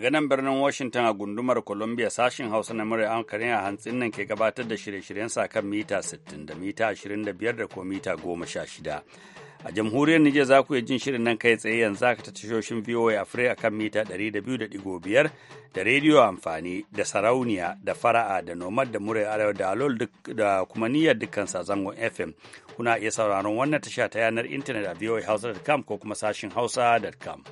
Daga nan birnin Washington a gundumar Columbia sashin Hausa na murya Amurka a hantsin nan ke gabatar da shirye-shiryen sa kan mita 60 da mita 25 da kuma mita 16. A jamhuriyar Nijar za ku iya jin shirin nan kai tsaye yanzu aka ta tashoshin VOA Africa kan mita 200.5 da rediyo amfani da sarauniya da fara'a da nomad da murai arewa da alol da kuma niyyar dukkan sazangon FM. Kuna iya sauraron wannan tasha ta yanar intanet a voahausa.com ko kuma sashin hausa.com.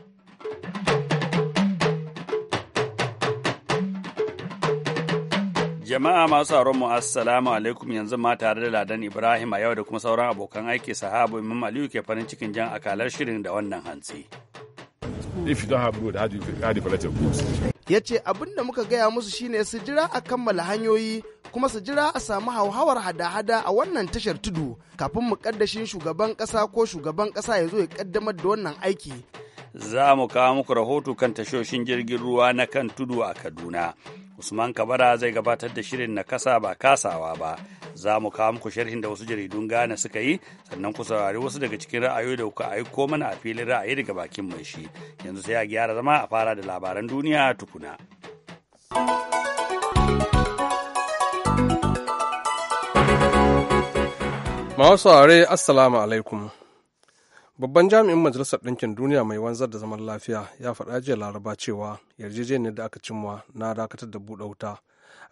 Jama'a masu sauran mu assalamu alaikum yanzu ma tare da Ladan Ibrahim a yau da kuma sauran abokan aiki sahabu Imam Aliyu ke farin cikin jan akalar shirin da wannan hantsi. If you don't have good, how do you, how your goods? Ya ce abin da muka gaya musu shine su jira a kammala hanyoyi kuma su jira a samu hauhawar hada-hada a wannan tashar tudu kafin mu kaddashin shugaban kasa ko shugaban kasa ya zo ya kaddamar da wannan aiki. za mu kawo muku rahoto kan tashoshin jirgin ruwa na kan tudu a Kaduna. Usman Kabara zai gabatar da shirin na kasa ba kasawa ba. Za mu kawo muku sharhin da wasu jaridun Gane suka yi, sannan ku saurari wasu daga cikin ra'ayoyi da kuka aiko mana a filin ra'ayi daga bakin mai shi. Yanzu sai a gyara zama a fara da labaran duniya tukuna. Masu assalamu alaikum. babban jami'in majalisar ɗinkin duniya mai wanzar da zaman lafiya ya faɗa jiya laraba cewa yarjejeniyar da aka cimma na dakatar da buɗe wuta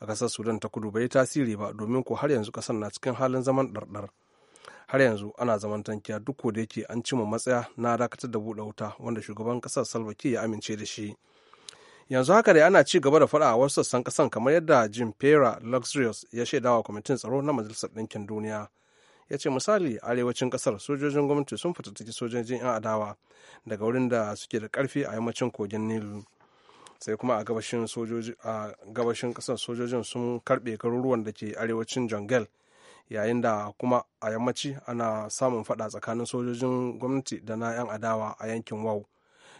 a ƙasar sudan ta kudu bai tasiri ba domin ko har yanzu ƙasar na cikin halin zaman ɗarɗar har yanzu ana zaman tankiya duk da yake an cimma matsaya na dakatar da buɗe wuta wanda shugaban ƙasar salva ya amince da shi yanzu haka dai ana ci gaba da faɗa a wasu sassan ƙasan kamar yadda jim pera luxurious ya shaidawa kwamitin tsaro na majalisar ɗinkin duniya ya ce misali arewacin kasar sojojin gwamnati sun fatattaki sojojin 'yan adawa daga wurin da suke da karfi a yammacin kogin nilu sai kuma a gabashin kasar sojojin sun karbe garuruwan da ke arewacin jangel yayin da kuma a yammaci ana samun fada tsakanin sojojin gwamnati da na 'yan adawa a yankin wau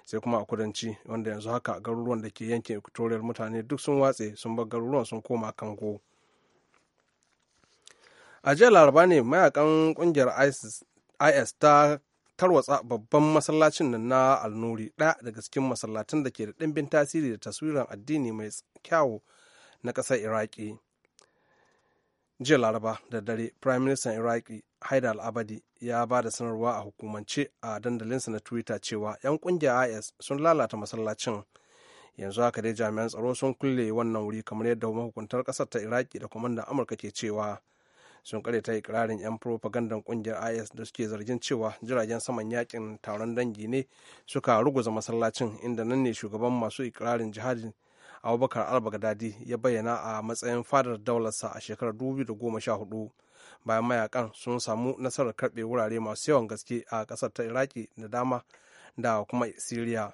sai kuma a kudanci wanda yanzu haka garuruwan da ke yankin equatorial mutane duk sun watse sun bar garuruwan sun koma kango. a jiya laraba ne mayakan kungiyar is ta tarwatsa babban masallacin nan na alnuri ɗaya daga cikin masallatan da ke da ɗimbin tasiri da taswiran addini mai kyawu na ƙasar iraki jiya laraba da dare prime minister iraki haidar alabadi ya ba da sanarwa a hukumance a dandalinsa na twitter cewa 'yan kungiyar is sun lalata masallacin yanzu haka dai jami'an tsaro sun kulle wannan wuri kamar yadda mahukuntar ƙasar ta iraki da kwamandan amurka ke cewa sun ta ikirarin 'yan furofagandan kungiyar is da suke zargin cewa jiragen saman yakin taron dangi ne suka ruguza masallacin inda nan ne shugaban masu ikirarin jihadin abubakar al-baghdadi ya bayyana a matsayin fadar daularsa a shekarar 2014 bayan mayakan sun samu nasarar karbe wurare masu yawan gaske a kasar ta iraki da dama da kuma siriya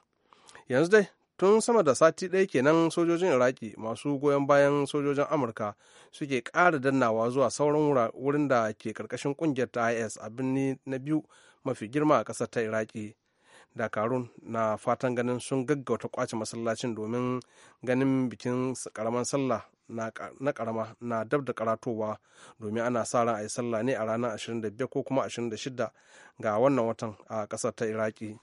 yanzu dai tun sama da sati ɗaya kenan sojojin iraki masu goyon bayan sojojin amurka suke ƙara dannawa zuwa sauran wurin da ke ƙarƙashin ƙungiyar ta is a birni na biyu mafi girma a ƙasar ta iraki dakarun na fatan ganin sun gaggauta kwace masallacin domin ganin bikin karaman sallah na karama na dab da karatowa domin ana sa ran a yi sallah ne a ranar 25 ko kuma 26 ga wannan watan a ƙasar ta iraki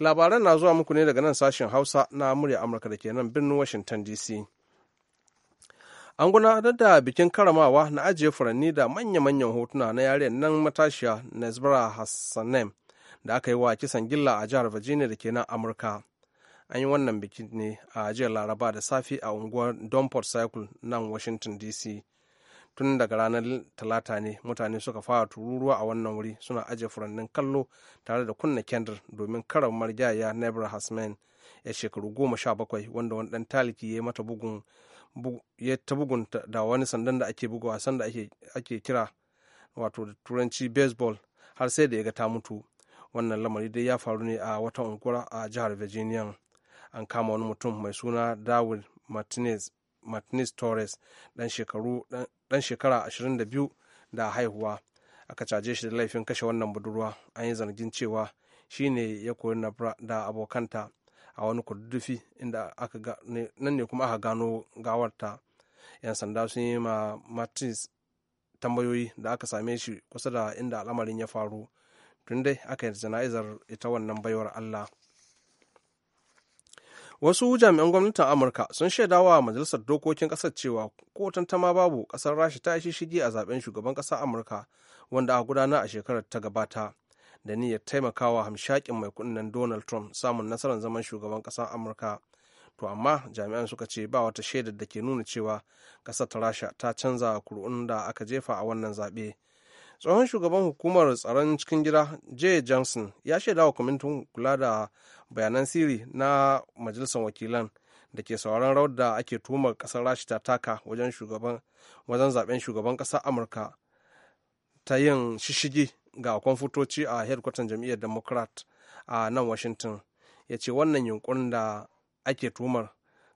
labaran na zuwa muku ne daga nan sashen hausa na murya amurka da ke nan birnin washington dc an gudanar da bikin karamawa na ajiye furanni da manya-manyan hotuna na yare nan matashiya nesbara hassanem da aka yi wa kisan gilla a jihar virginia da ke nan amurka an yi wannan bikin ne a jiya laraba da safi a unguwar donport cycle nan washington dc tun daga ranar talata ne mutane suka fara tururuwa a wannan wuri suna ajiye furannin kallo tare da kunna kendir domin karar marjaya nebra hasman ya shekaru goma sha bakwai wanda wani dan taliki ya mata bugun ya ta bugun da wani sandan da ake buga wasan da ake kira wato da turanci baseball har sai da ya ga ta mutu wannan lamari dai ya faru ne a wata unguwar a jihar virginia an kama wani mutum mai suna dawid martinez martinez torres dan shekara 22 da haihuwa aka caje shi da laifin kashe wannan budurwa an yi zargin cewa shi ne ya koyi nabra da abokanta a wani kududdufi inda nan ne kuma aka gano gawarta yan sanda sun yi ma martins tambayoyi da aka same shi kusa da inda al'amarin ya faru tun dai aka yi jana'izar ita wannan baiwar allah wasu jami'an gwamnatin amurka sun shaida wa majalisar dokokin kasar cewa ko tantama babu kasar rasha ta yi shige a zaben shugaban kasar amurka wanda a gudana a shekarar ta gabata da niyyar taimakawa hamshakin mai kunnen donald trump samun nasarar zaman shugaban kasar amurka to amma jami'an suka ce ba wata shaidar da ke nuna cewa kasar ta rasha ta canza kuri'un da aka jefa a wannan zaɓe tsohon shugaban hukumar tsaron cikin gida jay johnson ya shaida wa kwamitin kula da bayanan sirri na majalisar wakilan da ke sauran rawar da ake tuhumar kasar rashi ta taka wajen shugaban zaben shugaban kasar amurka ta yin shishigi ga kwamfutoci a hedkwatan jam'iyyar democrat a nan washington ya ce wannan yunkurin da ake tuhumar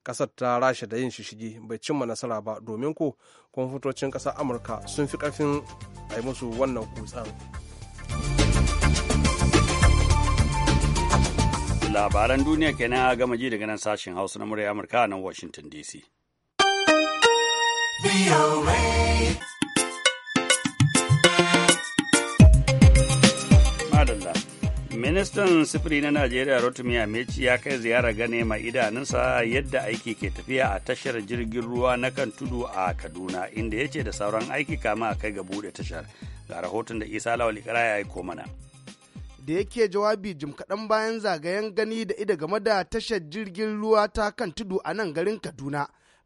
kasar ta rasha da yin shishigi bai cimma nasara ba domin ko kwamfutocin kasar amurka sun fi karfin a yi musu wannan kutsan labaran duniya kenan a gama ji daga nan sashen hausa na murya amurka nan washington dc Ministan sifiri na Najeriya Rotimi Amechi ya kai ziyara gane ma idanunsa yadda aiki ke tafiya a tashar jirgin ruwa na kan tudu a Kaduna inda ya ce da sauran aiki kama a kai ga bude tashar. Ga rahoton da Isa Lawal Ikara ya yi komana. Da yake jawabi jim kaɗan bayan zagayen gani da ida game da tashar jirgin ruwa ta kan tudu a nan garin Kaduna.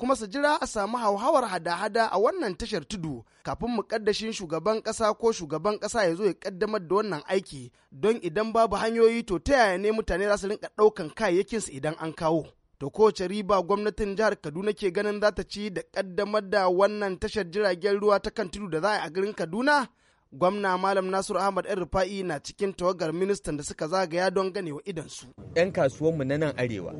kuma su jira a samu hauhawar hada-hada a wannan tashar tudu kafin mukaddashin shugaban kasa ko shugaban kasa ya zo ya kaddamar da wannan aiki don idan babu hanyoyi to ta yaya ne mutane za su rinka ɗaukan su idan an kawo. to kowace riba gwamnatin jihar kaduna ke ganin za ta ci da kaddamar da wannan tashar jiragen ruwa ta kan tudu da za a a garin kaduna gwamna malam nasiru ahmad yan rufa'i na cikin tawagar ministan da suka zagaya don ganewa idansu yan kasuwanmu na nan arewa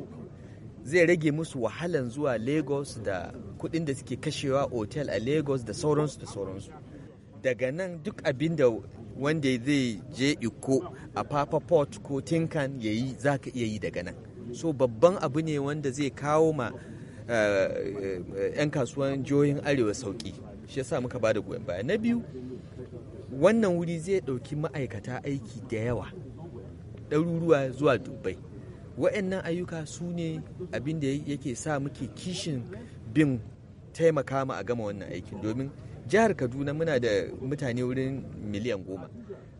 zai rage musu wahalan zuwa lagos da kudin da suke kashewa otel a lagos da sauransu da sauransu daga nan duk abin da wanda zai je iko a papa port ko tinkan ya yi za ka iya yi daga nan so babban abu ne wanda zai kawo ma eh, eh, 'yan kasuwan jihohin arewa sauki shi yasa muka ba da goyon baya na biyu wannan wuri zai ɗauki ma'aikata aiki da yawa ɗaruruwa zuwa dubai. wa'annan ayyuka su ne abin da yake sa muke kishin bin taimaka mu a gama wannan aikin domin jihar kaduna muna da mutane wurin miliyan goma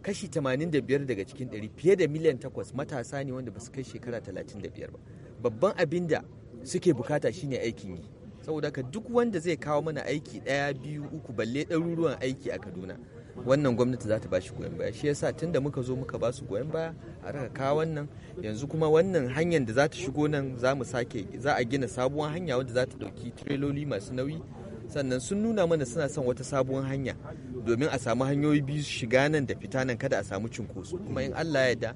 kashi 85 daga cikin 100 fiye da miliyan 8 matasa ne wanda ba su kai shekara 35 ba babban abin da suke bukata shine aikin yi saboda ka duk wanda zai kawo mana aiki ɗaya biyu uku balle ɗaruruwan aiki a kaduna wannan gwamnati za ta ba shi goyon baya shi yasa da muka zo muka ba su goyon baya a raka kawo wannan yanzu kuma wannan hanyar da za ta shigo nan za mu sake za a gina sabuwar hanya wanda za ta ɗauki tireloli masu nauyi sannan sun nuna mana suna son wata sabuwar hanya domin a samu hanyoyi biyu shiga nan da fita nan kada a samu cinkoso kuma in Allah ya yarda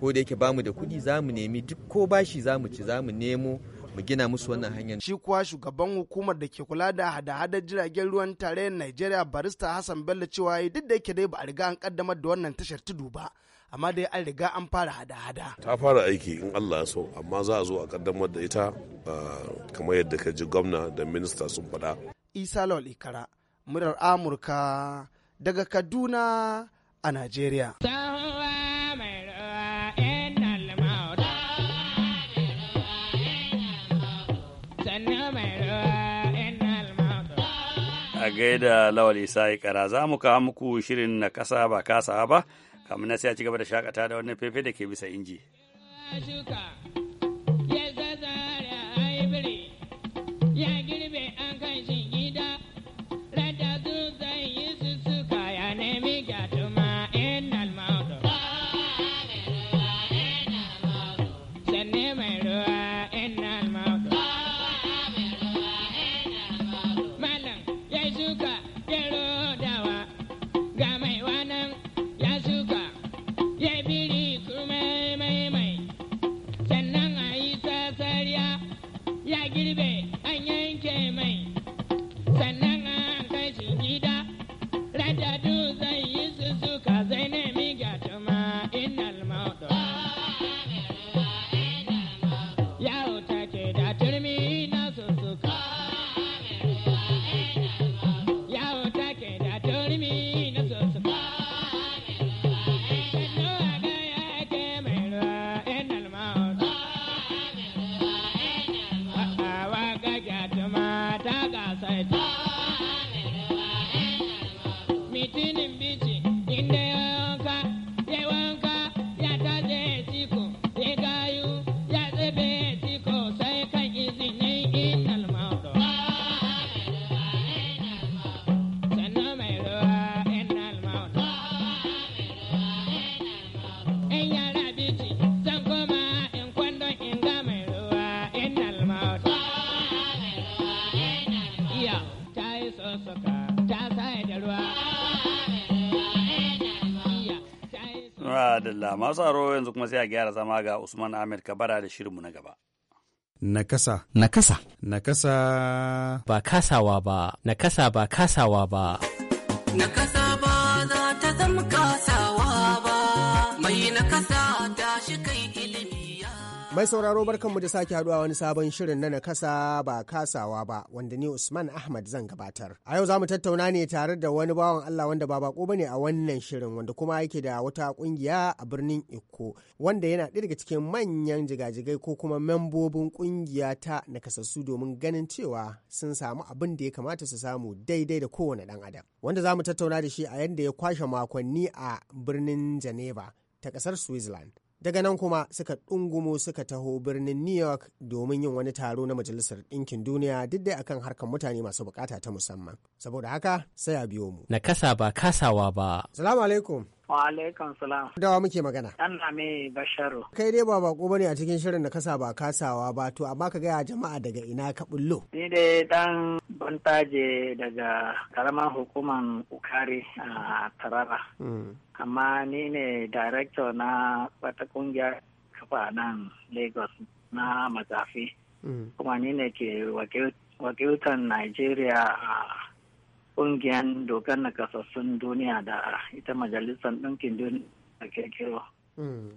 ko da yake bamu da kuɗi za mu nemi duk ko bashi za mu ci za mu nemo mu gina musu wannan hanyar shi kuwa shugaban hukumar da ke kula da hada-hadar jiragen ruwan tarayyar Najeriya barista Hassan Bello cewa duk da yake dai ba a riga an kaddamar da wannan tashar tudu ba amma dai an riga an fara hada-hada. Ta fara aiki in Allah ya so, amma za a zo a kaddamar da ita ah, kamar yadda ka ji gwamna da minista sun faɗa. Isa Lawal Ikara, murar Amurka daga Kaduna a Najeriya. a gaida lawal isa ikara za mu kawo muku shirin na kasa ba kasa ba kamar na sai a ci gaba da shakata da wannan fefe da ke bisa inji. masu tsaro yanzu kuma sai a gyara zama ga Usman Ahmed Kabara da shirinmu na gaba. Nakasa. Nakasa. Nakasa. Ba kasawa ba. Nakasa ba kasawa ba. Nakasa ba za ta zama kasa. Mai sauraro mu da sake haduwa wani sabon shirin na nakasa ba kasawa ba wanda ni Usman Ahmad zan gabatar. A yau zamu tattauna ne tare da wani bawan Allah wanda ba bako bane a wannan shirin wanda kuma yake da wata kungiya a birnin Ikko wanda yana ɗaya daga cikin manyan jigajigai ko kuma membobin kungiya ta nakasassu domin ganin cewa sun samu abin da ya kamata su samu daidai da kowane ɗan adam. Wanda zamu tattauna da shi a yadda ya kwashe makonni a birnin Geneva ta ƙasar Switzerland. daga nan kuma suka ɗungumo suka taho birnin new york domin yin wani taro na majalisar ɗinkin duniya duk dai akan harkar mutane masu bukata ta musamman saboda haka sai a biyo mu na kasa ba kasawa ba salamu alaikum Wa salam. Dawa muke magana. na me Basharu. Kai dai ba bako ba ne a cikin shirin da kasa ba kasawa ba to amma ka gaya jama'a daga ina ka bullo. Ni dai dan bantaje daga karamar hukuman Ukari a tarara. Hmm. Amma ni ne director na wata kungiyar kafa nan Lagos na mazafi. Hmm. Kuma ni ne ke wakiltan Nigeria a ƙungiyar dokar na kasassun duniya da ita majalisar ɗinkin duniya a ke hmm.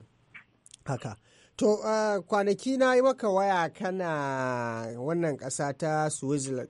Haka. To uh, kwanaki na yi maka waya kana wannan ƙasa ta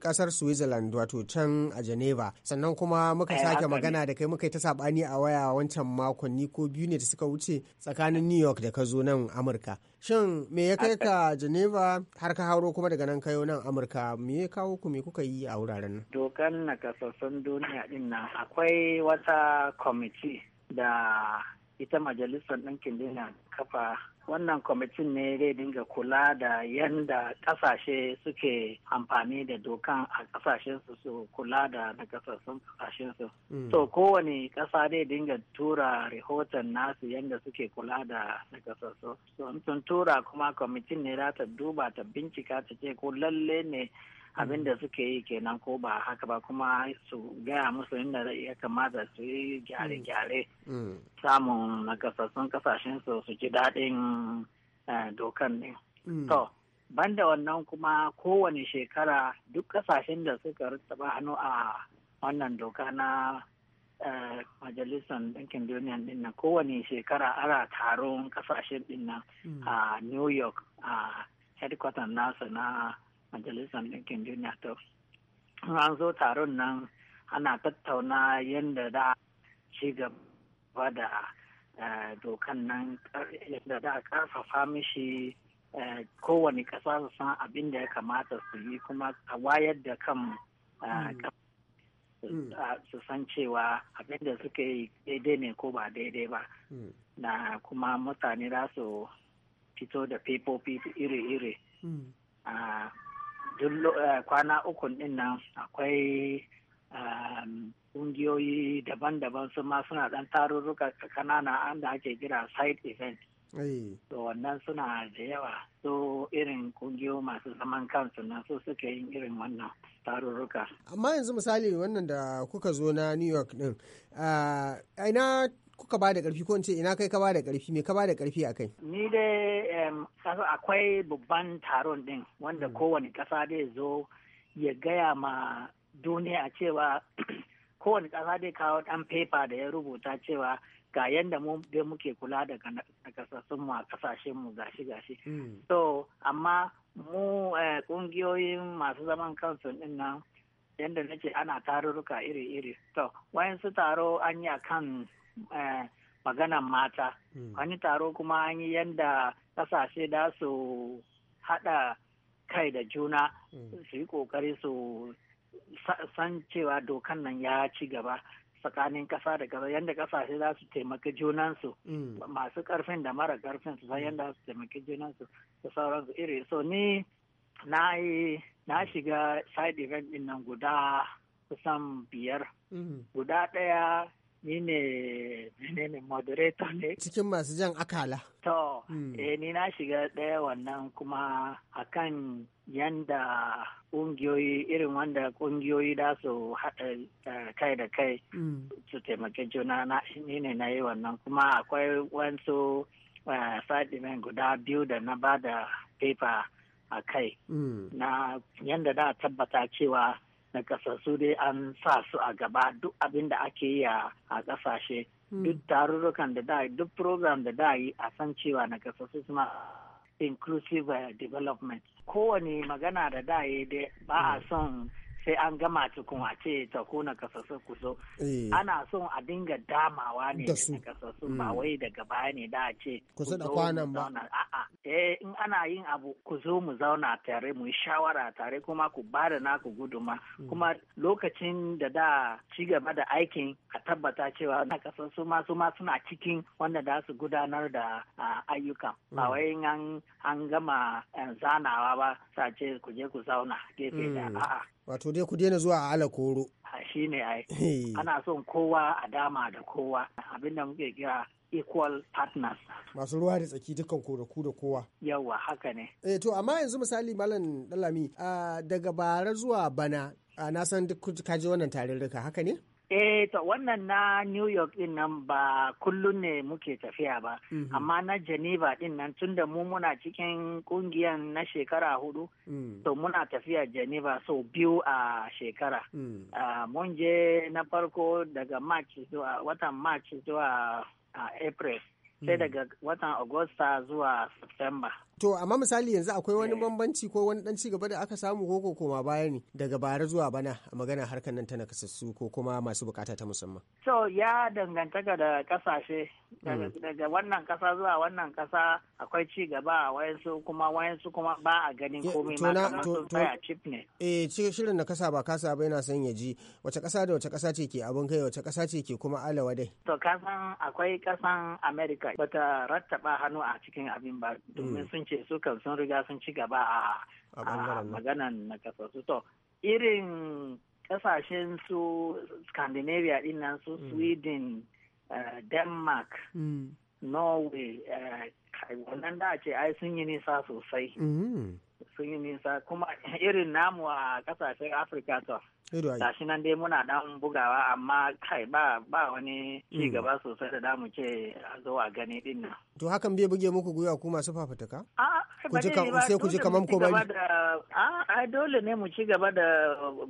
ƙasar Switzerland wato can a Geneva sannan kuma muka sake magana da kai muka yi ta saɓani a waya wancan makonni ko biyu ne da suka wuce tsakanin New York da ka zo nan Amurka. Shin me ya kai ka Geneva har ka hauro kuma daga nan kayo nan Amurka me ya kawo ku me kuka yi a wuraren nan? Dokar nakasassun duniya din nan akwai wata kwamiti da ita majalisar ɗinkin duniya kafa wannan kwamitin ne zai dinga kula da yadda ƙasashe suke amfani da dokan a ƙasashensu su kula da ƙasashen ƙasashensu. Mm. To kowane ƙasa zai dinga tura rahoton nasu yadda suke kula da nakasassu. So sun tura kuma kwamitin ne za ta duba ta bincika ta ce ko lalle ne abin da suke yi kenan ko ba haka ba kuma su gaya musu inda ya kamata su yi gyare-gyare mm. Mm. samun nakasassun kasashen su su ji daɗin eh, dokan ne. Mm. To, banda wannan kuma kowane shekara duk kasashen da suka taba hannu a wannan doka na eh, majalisar ɗinkin duniya ɗin kowane shekara ana taron kasashen ɗin a New York a headquarter nasa na majalisar ɗinkin duniya to an zo taron nan ana tattauna yadda da ci gaba da dokan nan yadda da karfafa mishi kowane ƙasa su san abin da ya kamata su yi kuma a wayar da kan su san cewa abin da suka yi daidai ne ko ba daidai ba na kuma mutane za su fito da fefofi iri-iri duk eh, kwana ukun din nan akwai ehm, ƙungiyoyi daban-daban su ma suna dan tarurruka kanana da ake kira side event to wannan suna da yawa so irin kungiyo masu zaman kansu na so suke yin irin wannan tarurruka amma yanzu misali wannan da kuka zo na new york din ah, a ina kuka ba da ƙarfi ko in ce ina kai ka ba da ƙarfi me ka ba da ƙarfi a kai? Ni dai akwai babban taron ɗin wanda mm. kowane ƙasa dai zo ya gaya ma duniya cewa kowane ƙasa dai kawo ɗan fefa da ya rubuta cewa ga yadda mu dai muke kula daga kasassun mu a kasashen mu gashi gashi mm. so amma mu kungiyoyin eh, masu zaman kansu din nan yadda nace ana tarurruka iri iri to wayansu taro an yi akan Eh, maganan mata wani hmm. taro kuma an yi yadda kasashe da su haɗa kai da juna hmm. su yi ƙoƙari su san cewa dokan nan ya ci gaba tsakanin ƙasa da gaba yadda ƙasashe za su taimaki junansu hmm. masu ƙarfin da mara karfin su san yadda su taimaki junansu da sauransu iri so ni na shiga side event din nan guda kusan biyar guda ɗaya ni ne ne ne moderator ne cikin masu jan akala to hmm. eh ni na shiga ɗaya wannan kuma akan yanda ƙungiyoyi irin wanda ƙungiyoyi da su haɗa eh, kai da kai hmm. su taimaki juna na ni ne na yi wannan kuma akwai wasu eh, sadimen guda biyu da na ba da paper a kai hmm. na yanda da tabbata cewa na su dai an sa su a gaba duk abin da ake yi a kasashe hmm. duk tarurrukan da da duk program da dayi a san cewa na su suna inclusive eh, development kowane magana da da dai ba a hmm. son sai an gama cikin a ce ta kona kasassu so eh. ana son a dinga damawa ne da kasassu ba mm. wai daga baya ne da a ce kusa da kwanan ba a'a eh in ana yin abu ku zo mu zauna tare mu shawara tare kuma ku ba da naku guduma mm. kuma lokacin da da ci gaba da aikin a tabbata cewa na kasassu ma ma suna cikin wanda da su gudanar da ayyukan mm. ba wai an gama eh, zanawa ba sace ku je ku zauna gefe da a'a wato dai ku daina zuwa a ala koro shi ne ai ana son kowa a dama da kowa abin da muke kira equal partners masu ruwa da tsaki dukkan ku da ku da kowa yawa haka ne eh to amma yanzu misali malam dalami ah, daga bara zuwa bana ah, na san duk kaji wannan tarin haka ne Eh, to wannan na New York din nan ba kullum ne muke tafiya ba, mhm. amma na Geneva din nan tun da mu muna cikin kungiyan na shekara hudu, mm. to muna tafiya Geneva so biyu a shekara. Mm. mun je na farko daga March zuwa watan March zuwa uh, April, sai mm. daga watan Augusta zuwa September. To amma misali yanzu akwai wani eh. bambanci ko wani dan cigaba da aka samu ko koma baya ne daga bara zuwa bana a magana harkar nan ta nakasassu ko kuma masu bukata ta musamman. To ya dangantaka da kasashe mm. daga wannan kasa zuwa wannan kasa akwai ci gaba Wayan wayansu kuma wayansu kuma ba a ganin komai ma kamar sun tsaya chip ne. Eh shirin na kasa ba kasa ba yana son ya ji wace kasa da wace kasa ce ke abin kai wace kasa ce ke kuma alawa dai. To kasan akwai kasan America bata rattaba hannu a cikin abin ba domin mm. sun ce su kan sun riga sun ci gaba a maganan na su to irin kasashen su scandinavia din su mm. sweden eh, denmark mm. norway eh, wannan da ce ai sun yi nisa sosai mm. sun yi nisa kuma irin namu a kasashen afirka to shi nan dai muna dan bugawa amma kai ba ba wani ci gaba sosai da damu ce a zo a gani din nan to hakan bai buge muku gwiwa ku masu fafutuka ku ji sai ku ji kaman ko bai a dole ne mu ci gaba da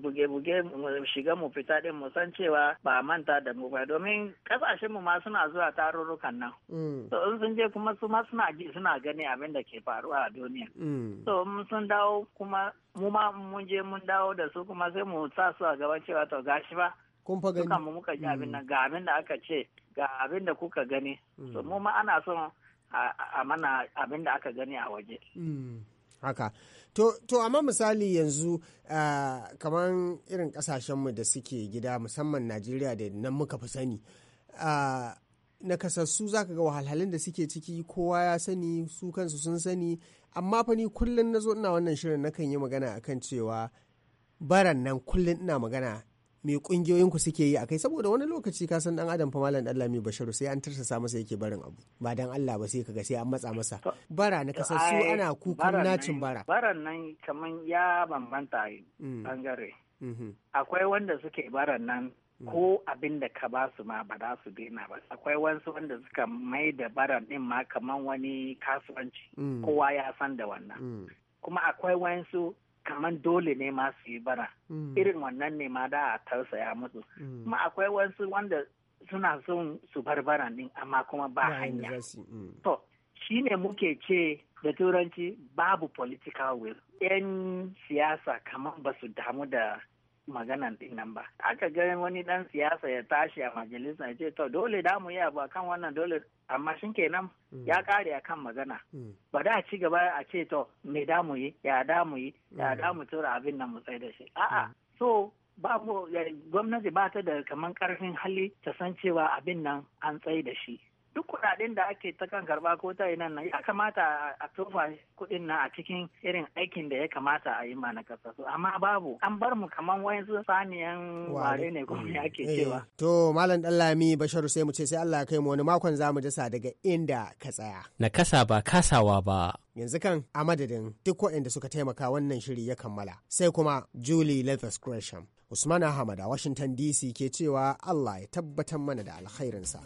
buge buge mu shiga mu fita din mu san cewa ba manta da mu ba domin kasashen mu ma suna zuwa tarurrukan nan to mm. in sun je kuma su ma suna ji suna gani abin da ke faruwa a duniya to mm. mun sun dawo kuma mu ma mun je mun dawo da su kuma sai mu sa su a gaban cewa to gashi ba kun fa gani mu muka ji abin nan mm. ga abin da aka ce ga abin da kuka gani so mm. mu ma ana son a mana abin da aka gani a waje mm. haka to to amma misali yanzu uh, kamar irin kasashenmu da suke gida musamman najeriya da nan muka fi sani uh, nakasassu za ga wahalhalun da suke ciki kowa ya sani su kansu sun sani amma fa ni kullum na zo ina wannan shirin nakan yi magana akan cewa baran nan kullum ina magana me kungiyoyinku suke yi akai saboda wani lokaci ka san dan adam fa malam dan lami basharu sai an tarsasa masa yake barin abu ba dan Allah ba sai kaga sai an matsa masa bara na kasa su ana kukan nacin bara baran nan kaman ya bambanta bangare mm. mm-hmm. akwai wanda suke baran nan Mm. ko abin da ka ba su ma ba za su daina ba akwai wasu wanda suka mai da baran din ma kaman wani kasuwanci mm. kowa ya san da wannan mm. kuma akwai wasu kaman dole ne ma su yi bara irin wannan ne ma da a tausaya musu kuma akwai wasu wanda suna son su bar baran din amma kuma ba hanya to shi ne muke ce da turanci babu political will 'yan siyasa kamar ba su damu da maganan din nan ba aka ga wani dan siyasa ya tashi a majalisa ya ce to dole da mu yi abu kan wannan dole amma shin kenan hmm. ya kare akan magana hmm. ba da ci gaba a ce to me da mu yi ya da mu yi ya hmm. da mu tura abin nan mu tsaye da shi a'a so ba mu gwamnati ba ta da kaman karfin hali ta san cewa abin nan an tsaye da shi kuɗaɗen da ake ta kan karɓa ko ta ina nan ya kamata a tofa kuɗin nan a cikin irin aikin da ya kamata a yi ma na ƙasa so amma babu an bar mu kaman su saniyan ware ne kuma me ake eh, cewa. To Malam Ɗanlami Basharu sai mu ce sai Allah ya kai mu wani makon zamu mu dasa daga inda ka tsaya. Na kasa ba kasawa ba yanzu kan a madadin duk waɗanda suka taimaka wannan shiri ya kammala sai kuma julie Leathers gresham usman ahmad a washington dc ke cewa allah ya tabbatar mana da alkhairinsa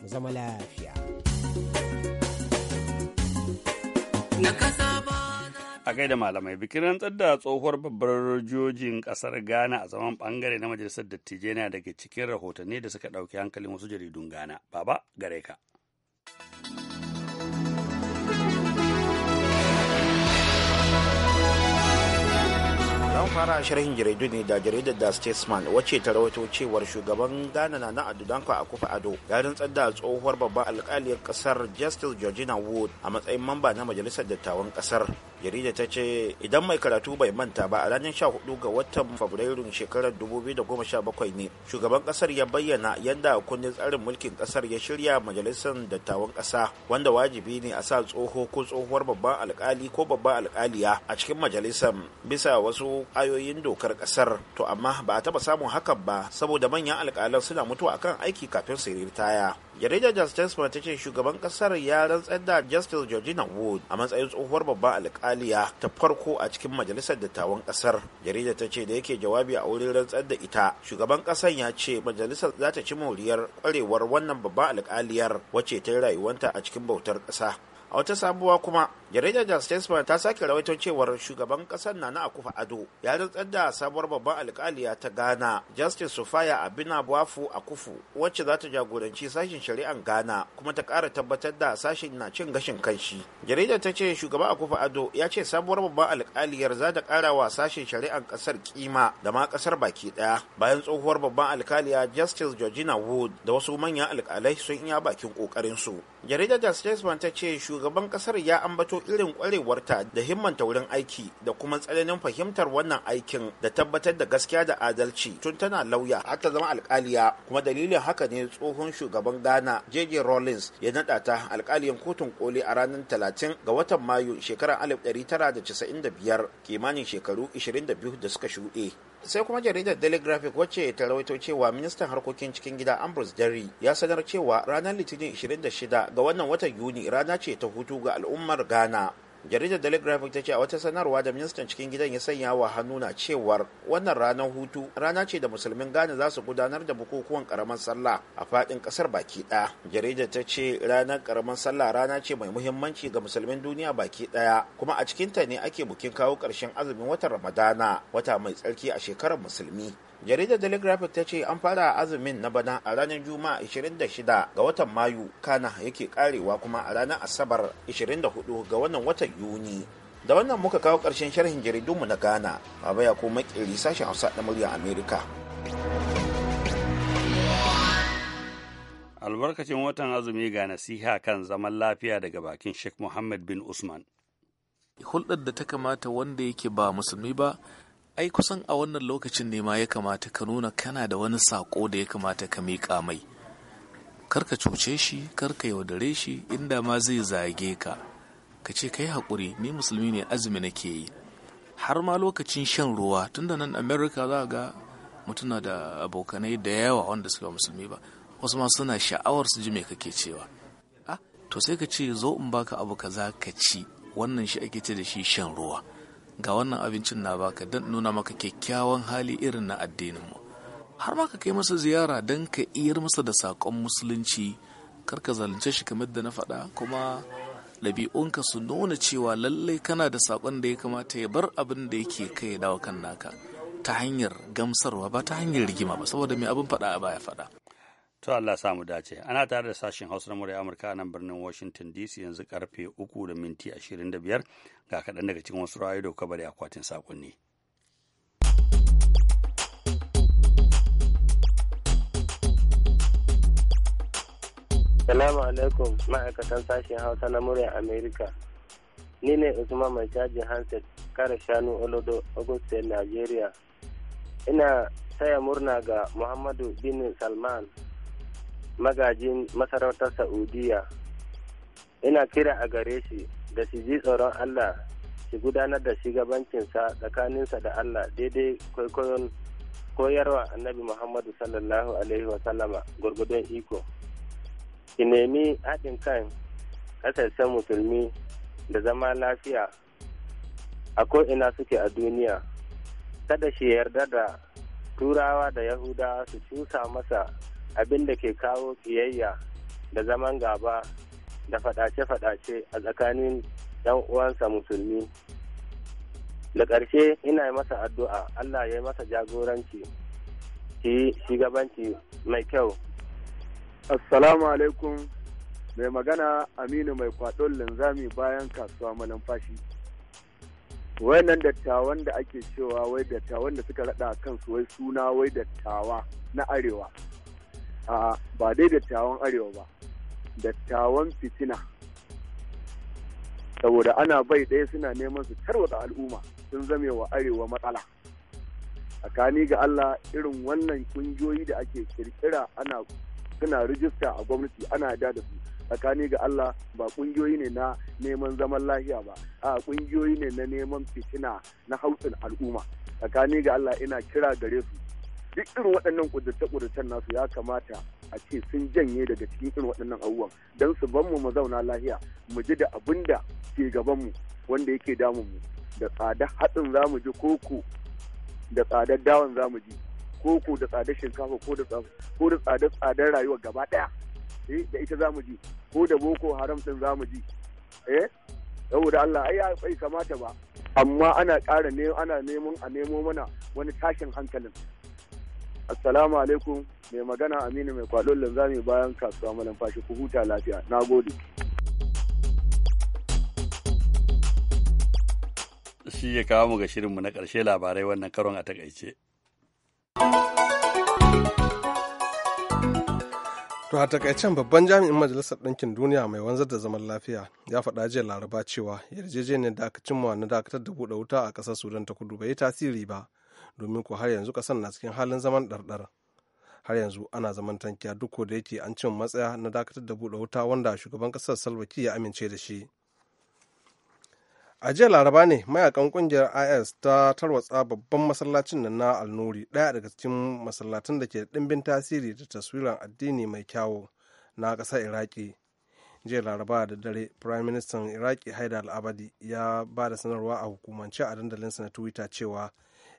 mu zama lafiya a gaida malamai bikin rantsar da tsohuwar babbar jojin kasar ghana a zaman bangare na majalisar dattijai na daga cikin rahotanni da suka ɗauki hankalin wasu jaridun ghana baba gare ka an fara sharhin jaridu ne da jaridar da statesman wacce ta rawaito cewar shugaban ghana na na adudanka a kufa ado ya rantsar da tsohuwar babban alkaliyar kasar justice georgina wood a matsayin mamba na majalisar dattawan kasar jarida ta ce idan mai karatu bai manta ba a ranar 14 ga watan fabrairun shekarar 2017 ne shugaban kasar ya bayyana yadda kundin tsarin mulkin kasar ya shirya majalisar dattawan kasa wanda wajibi ne a sa tsoho ko tsohuwar babban alkali ko babban alkaliya a cikin majalisar bisa wasu ayoyin dokar kasar to amma ba a taba samun hakan ba saboda manyan alkalan suna mutuwa akan aiki kafin su yi ritaya jaridar justice ta ce shugaban kasar ya rantsar da justice georgina wood a matsayin tsohuwar babban alkaliya ta farko a cikin majalisar dattawan kasar jaridar ta ce da yake jawabi a wurin rantsar da ita shugaban kasar ya ce majalisar za ta ci moriyar kwarewar wannan babban alkaliyar wacce ta yi rayuwanta a cikin bautar kasa a wata sabuwa kuma jaridar da statesman ta sake rawaito cewar shugaban kasar nana akufa ado ya rantsar da sabuwar babban alkaliya ta ghana justice sufaya abina a Kufu wacce za ta jagoranci sashen shari'an ghana kuma ta kara tabbatar da sashen na cin gashin kanshi jaridar ta ce shugaban akufa ado ya ce sabuwar babban alkaliyar za ta kara wa sashen shari'an kasar kima da ma kasar baki daya bayan tsohuwar babban alkaliya justice georgina wood da wasu manyan alkalai sun iya bakin kokarin su jaridar da statesman ta ce shugaban kasar ya ambato irin kwarewarta da himmanta wurin aiki da kuma tsananin fahimtar wannan aikin da tabbatar da gaskiya da adalci tun tana lauya har ta zama alkaliya kuma dalilin haka ne tsohon shugaban ghana jj rollins ya naɗa ta alkaliyan kotun koli a ranar talatin ga watan mayu shekarar biyar kimanin shekaru biyu da suka shuɗe sai kuma jaridar daily graphic wacce ta rawaito cewa ministan harkokin cikin gida ambrose jerry ya sanar cewa ranar litinin 26 ga wannan watan yuni rana ce ta hutu ga al'ummar ghana jaridar daily ta ce a wata sanarwa da ministan cikin gidan ya sanya wa hannu na cewar wannan ranar hutu rana ce da musulmin Gane za su gudanar da bukukuwan karamar sallah a fadin kasar baki daya jaridar ta ce ranar karamar sallah rana ce mai muhimmanci ga musulmin duniya baki daya kuma a cikinta ne ake bukin kawo karshen azumin watan ramadana wata mai tsarki a shekarar musulmi jaridar daily ta ce an fara azumin na bana a ranar juma'a 26 ga watan mayu kana yake karewa kuma a ranar asabar 24 ga wannan watan yuni da wannan muka kawo karshen sharhin jaridunmu na ghana baba ya ko makeri sashen hausa na murya amerika albarkacin watan azumi ga nasiha kan zaman lafiya daga bakin sheikh muhammad bin usman hulɗar da ta kamata wanda yake ba musulmi ba ai kusan a wannan lokacin ne ma ya kamata ka nuna kana da wani sako da ya kamata ka miƙa mai karka cuce shi karka yaudare shi inda ma zai zage ka ka ce ka yi haƙuri ni musulmi ne azumi nake yi har ma lokacin shan ruwa tunda nan america za ga mutuna da abokanai da yawa wanda suke ba musulmi ba wasu ma suna sha'awar su ji me kake cewa ah, to sai ka ce zo in baka abu za ka ci wannan shi ake ce da shi shan ruwa ga wannan abincin na baka don nuna maka kyakkyawan hali irin na addininmu har ma ka kai masa ziyara don ka iyar masa da saƙon musulunci kar ka zalunce shi kamar da na faɗa kuma ɗabi'unka su nuna cewa lallai kana da saƙon da ya kamata ya bar abin da yake kai ya kan naka ta hanyar gamsarwa ba ta hanyar rigima ba saboda mai abin faɗa a baya faɗa To Allah samu dace. Ana tare da sashen Hausa na murya Amurka a nan birnin Washington DC yanzu karfe uku da minti ashirin da biyar ga kaɗan daga cikin wasu ra'ayi da kabari akwatin saƙonni. Salamu alaikum ma'aikatan sashen Hausa na murya Amerika. Ni ne Usman mai caji handset kare shanu Olodo Augusta Nigeria. Ina taya murna ga Muhammadu bin Salman magajin masarautar saudiya ina kira a gare shi da shi ji tsoron allah shi gudanar da shugabancinsa tsakaninsa da allah daidai kwaikwayon koyarwa annabi muhammadu sallallahu alaihi wasallama gurgudun iko ki nemi haɗin kan ƙasashen musulmi da zama lafiya a ko'ina suke a duniya kada shi yarda da turawa da yahudawa su cusa masa abin da ke kawo kiyayya da zaman gaba da faɗace-faɗace a tsakanin 'yan uwansa musulmi da ƙarshe ina masa addu'a allah ya yi masa jagoranci ki shigabanci mai kyau assalamu alaikum mai magana aminu mai kwaɗon linzami bayan kasuwa malamfashi wayannan dattawan da ake cewa wai dattawan da suka raɗa kansu wai suna wai dattawa na arewa a ba dai dattawan arewa ba dattawan fitina saboda ana bai ɗaya suna neman su tarwata al'umma sun zame wa arewa matsala tsakani ga allah irin wannan kungiyoyi da ake kirkira ana suna rijista a gwamnati ana da da su tsakani ga allah ba kungiyoyi ne na neman zaman lafiya ba a kungiyoyi ne na neman fitina na hausin al'umma tsakani ga allah ina kira gare su duk irin waɗannan ƙudurce-ƙudurcen nasu ya kamata a ce sun janye daga cikin irin waɗannan abubuwan don su ban mu mu zauna lahiya mu ji da abin da ke gabanmu wanda yake damun mu da tsada hatsin za mu ji koko da tsadar dawon za mu ji koko da tsadar shinkafa ko da tsadar tsadar rayuwa gaba ɗaya eh, da ita za mu ji ko da boko haram ɗin za mu ji eh saboda Allah ai ai kamata ba amma ana ƙara ne ana neman a nemo mana wani tashin hankalin Assalamu alaikum mai magana Aminu mai kwaɗon linzami bayan kasuwa malamfashi ku huta lafiya. Na gode. Shi ya kawo mu ga shirinmu na ƙarshe labarai wannan karon a takaice. To a takaicen babban jami'in Majalisar Ɗinkin Duniya mai wanzar da zaman lafiya ya faɗa jiya laraba cewa yarjejeniyar da aka cimma na dakatar da buɗe wuta a ƙasar Sudan ta kudu bai yi tasiri ba domin ko har yanzu kasan na cikin halin zaman ɗarɗar har yanzu ana zaman tankiya duk da yake an cin matsaya na dakatar da buɗe wuta wanda shugaban ƙasar salwaki ya amince da shi a jiya laraba ne mayakan kungiyar is ta tarwatsa babban masallacin nan na alnuri ɗaya daga cikin masallatan da ke ɗimbin tasiri da taswiran addini mai kyawu na ƙasar iraki jiya laraba da dare prime minister iraki haidar ya ba da sanarwa a hukumance a dandalinsa na twitter cewa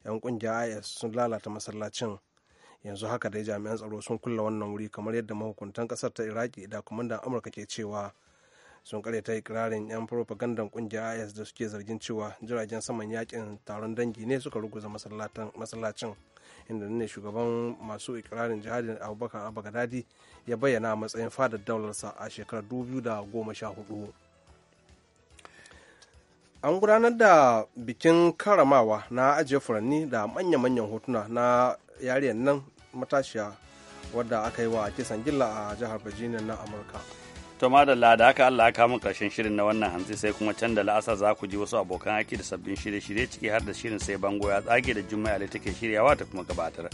'yan kungiyar is sun lalata masallacin yanzu haka dai jami'an tsaro sun kulle wannan wuri kamar yadda mahukuntan kasar ta iraki da kwamandan amurka ke cewa sun ta ikirarin 'yan propaganda kungiyar is da suke zargin cewa jiragen saman yakin taron dangi ne suka ruguza masallacin inda ne shugaban masu ikirarin jihadin abubakar abagadadi ya bayyana a matsayin fadar daularsa a shekarar 2014 an gudanar da bikin karamawa na ajiye furanni da manya-manyan hotuna na yariyan nan matashiya wadda aka yi wa kisan gilla a jihar virginia na amurka To madalla da haka Allah ya kamun karshen shirin na wannan hantsi sai kuma can da la'asar za ku ji wasu abokan aiki da sabbin shirye-shirye ciki har da shirin sai bango ya tsage da Jummai ta take shiryawa ta kuma gabatar.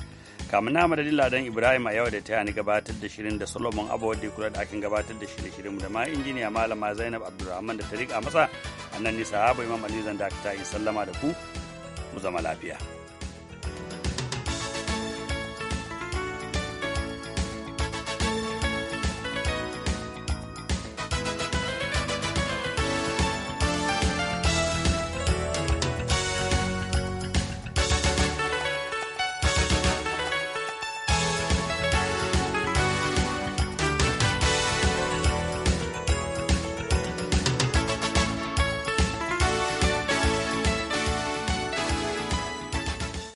Kamun na madadin ladan Ibrahim a yau da ta yani gabatar da shirin da Solomon Abu wadda kula da akin gabatar da shirye-shiryen mu da ma injiniya malama Zainab Abdulrahman da Tariq a masa annan ni sahaba Imam Ali zan ta yi sallama da ku mu zama lafiya.